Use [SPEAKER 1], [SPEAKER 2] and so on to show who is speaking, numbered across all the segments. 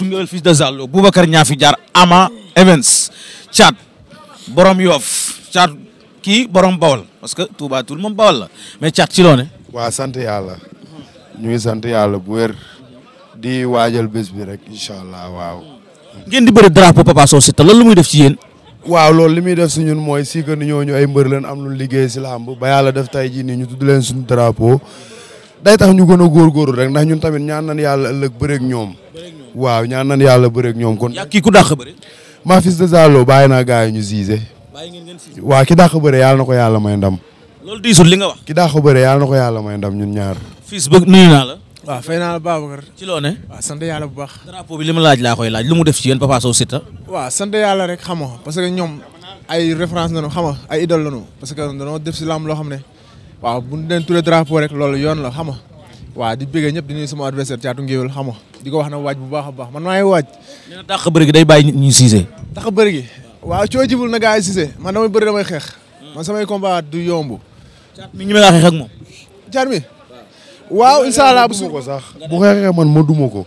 [SPEAKER 1] Koungheul fils de Zallo Boubacar Ñaafi jaar Ama Evans Thiat borom Yoff Thiat kii borom Bawol parce que Touba Toul moom Bawol la mais Thiat ci loone waa sant yàlla ñu ngi sant yàlla bu wér di waajal bés bi rek incha allah waaw. ngeen di bëri drapeau Papa Sow Siteu loolu lu muy def ci yéen. waaw loolu li muy def si ñun mooy si que ni ñooñu ay mbër leen am lu liggéey si làmb ba yàlla def tey jii nii ñu tudd leen suñu drapeau. day tax ñu gën góor góorgóorlu rek ndax ñun tamit ñaan nañ yàlla ëllëg bëreek ñoom. waaw ñaan nañ yàlla bëreek ñoom kon. yaa kii ku dàq bëri. maa fils de Zalo bàyyi naa gars yi ñu ziise. waaw ki dàq bëre yàlla na ko yàlla may ndam. loolu li nga wax. ki dàq bëre yàlla na ko yàlla may ndam ñun ñaar. fils bëgg nuyu naa la. waaw fay naa la Babacar. ci loo ne. waaw sant bu baax. drapeau bi li ma laaj laa koy laaj mu def ci yéen Papa Sow Siteu. waaw sant rek xam parce que ñoom ay référence lañu xam nga ay idole lañu parce que dañoo def si lamb loo xam ne waaw bu ñu leen tuddee drapeau rek loolu yoon la xam nga waaw di bëggee ñëpp di nuyu sama adversaire caatu ngéwél xam nga di ko wax na waaj bu baax a baax man maa ngi waaj. nee na day bàyyi ñu Cissé. dàq bëri gi waaw coo jibul na gars yi Cissé man damay bëri damay xeex. man samay combat du yomb. caat mi ñu mën a xeex ak moom. caat mi. waaw incha allah bu ko sax bu xeexee man ma duma ko.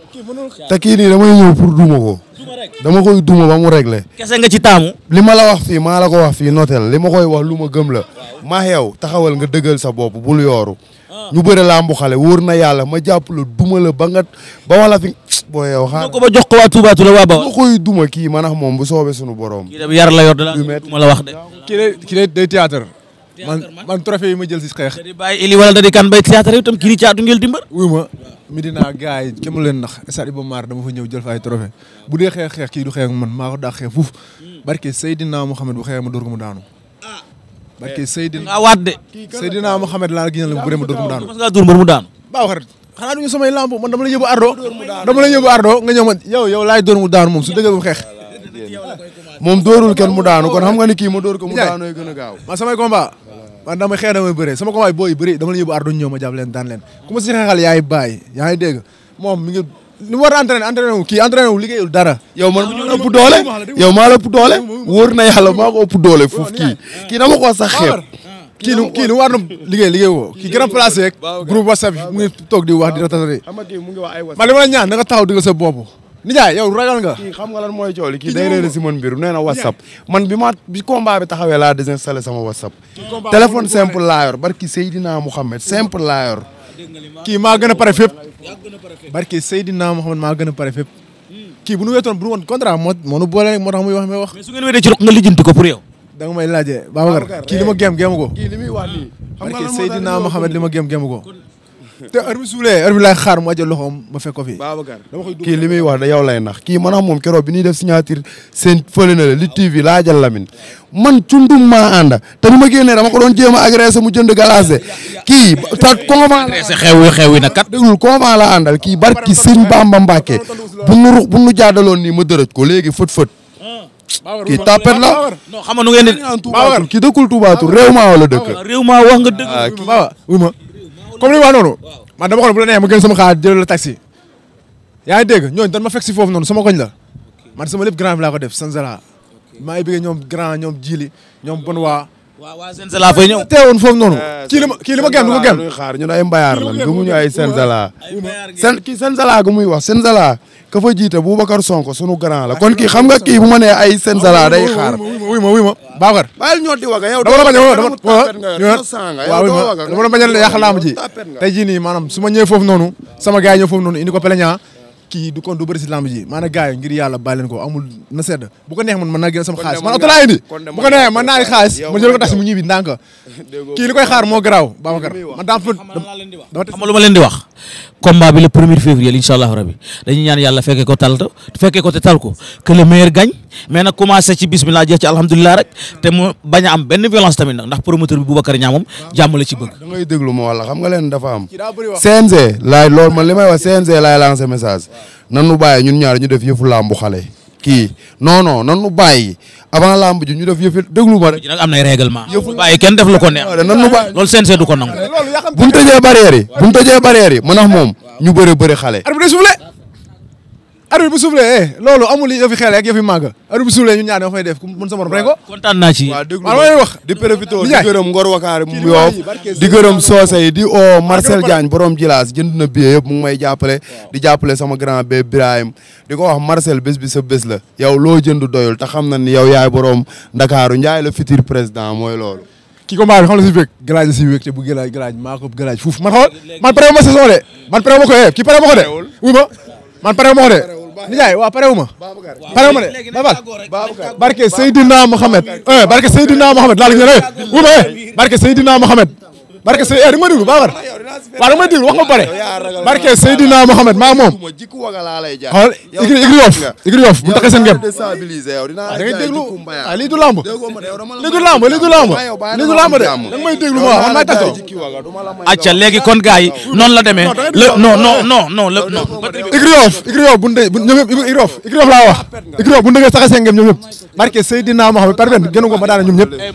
[SPEAKER 1] te kii nii damay ñëw pour duma ko. dama ko duma ba mu réglé. kese nga ci taamu. li ma la wax fii maa la ko wax fii notel li ma koy wax lu ma gëm la. maa yow taxawal nga dëggal sa bopp bul yooru. Ah. ñu bëre làmbu xale wóor na yàlla ma jàpp la duma la ba nga ba wala fi. boo yow xaaral ko ba jox ko waa Touba Touré waa Baol. ma koy duma kii man moom bu soobee suñu borom. yar la yor de la ma la wax da kii de kii man man trophée yi ma jël si xeex. da di bàyyi ili wala da di kan bay théâtre itam kii caatu ngeel dimbar. wuyu ma Medina gars yi kenn nax stade Iba Mar dama fa ñëw jël fa trophée bu dee xeex xeex kii du xeex man maa ko daa xeex fuuf hmm. barke Seydina Mohamed bu xeex ma dóor ko mu daanu. Ah. barke Seydina nga waat de. Seydina Mohamed laa gis ne bu bëree ma dóor ko mu daanu. mos ngaa dóor mbër mu daanu. samay lamb man dama la yóbbu ardo dama la yóbbu nga ñëw man yow yow laay dóor mu daanu moom moom dóorul kenn mu daanu kon xam nga ni kii ma dóor ko mu daanooy gën a gaaw man samay combat man damay xeex damay bëre sama combat yi booy bëri dama la yóbbu arduñ ñëw ma jàpp leen daan leen ku ma si xeexal yaay bàyyi yaa ngi dégg moom kii entraîné wu liggéeyul dara yow man maa ëpp doole yow maa la ëpp doole na yàlla maa ko kii kii dama ko sax kii nu na liggéey liggéey woo kii gën a placé rek groupe whatsapp mu ngi toog di wax di ratatari man li ma la ñaan na nga taxaw digal sa nijaay yow ragal nga. kii xam nga lan mooy coow li kii day réer man mbir nee na whatsapp man bi ma bi combat bi taxawee laa désinstallé sama whatsapp. téléphone simple laa yor barki Seydina Mouhamed simple laa yor. kii maa gën a pare fépp. barki Seydina Mouhamed maa a pare fépp. Hmm. kii bu nu weetoon bu nu woon contrat moo moo nu boole rek moo tax muy wax may wax. mais su ngeen wéetee ci rok nga lijjanti ko pour yow. da nga may li ma eh. gém gému ko. kii li muy wax nii. barki Seydina Mouhamed li ma gém gému ko. te heure bi suulee heure bi laay xaar mu ajal kii li muy wax da yow lay nax kii moom keroog bi ñuy def signature seen fële la li TV laa jël man cundum maa ànda te bi ma génnee dama ko doon jéem a agressé kii ta comment. agressé xew yi xew yi nag kat. déglul comment la àndal kii barki Sëriñ Bamba Mbàkke bu nu ni bu nu jaadaloon ma dërëj ko léegi fët fët. kii tapet la. non xam nga nu ngeen di. Babacar kii dëkkul Touba Tour réew comme li wax noonu man dama ko ne bu la neexee ma gën sama xaalis jël la taxi yaa ngi dégg ñooñu dañ ma fekk si foofu noonu sama koñ la man sama lépp grand bi laa ko def Sanzala maa ngi bëgg ñoom grand ñoom jili ñoom bon waa waaw waaw Sanzala fay ñëw teewoon foofu noonu eh, kii li ma kii li ma gën du ko gën xaar ñun ay mbayaar lan gëmuñu ay Sanzala kii Sanzala gu muy wax Sanzala ka fa jiite Boubacar Sonko sunu grand la kon kii ah, xam nga kii bu ma ay seen ah, sala day xaar. wuy ma wuy ma Babacar. bàyyil dama lu ma leen di wax combat bi le premier février incha allah rabi dañuy ñaan yàlla fekkee ko tal fekkee ko te tal ko que le meilleur gagne mais nag commencé ci bismillah jeex ci alhamdulilah rek te mu bañ a am benn violence tamit nag ndax promoteur bi Boubacar Niang moom jàmm la ci bëgg. da ngay déglu ma wala xam nga leen dafa am. CNG laay loolu man li may wax CNG message nanu bàyyi ñun ñaar ñu def yëfu bu xale. kii non non nan nu bàyyi avant lamb ji ñu def yëf déglu ma rek. nag am nay règlement. yëfu kenn def lu ko neex. nan nu bàyyi loolu seen du ko nangu. bu ñu tëjee barrière yi bu ñu moom ñu bëre bëre xale. arbitre arbitre bu soufflé eh, loolu amul yëf yi xel ak yëf yi màgg arbitre bu soufflé ñun ñaar ñoo fay ko kontaan ma wax di profité sa bés la yow loo jënd doyul te xam na ni yow yaay borom Ndakaaru Njaay la futur président mooy loolu kii combat bi xam la si wéeg galaaj la si wéeg te bu galaaj galaaj maa ko man xool man pare de man pare eh, ma ko de Ndiaye waaw parewu ma. parewu ma de Babacar barke Seydina Mohamed. Eh, barke Seydina Mohamed laal ñu ne. Eh, wu ma eh. barke Seydina Mohamed. barke Seydina eh, di ma déglu Babacar waaw da ma déglu wax nga pare barke Seydina Mohamed maa moom xool igri igri yof igri yof bu taxee seen ngem da ngay déglu ah lii du lamb lii du lamb lii du lamb lii du lamb de da nga may déglu ma man maay taxaw acca léegi kon gars yi noonu la demee le non non non non le non igri yof igri yof bu ndey ñoom ñëpp igri yof igri yof laa wax igri yof bu ndëgee taxee seen ngem ñoom ñëpp barke Seydina Mohamed parfait gënu ko ma daana ñoom ñëpp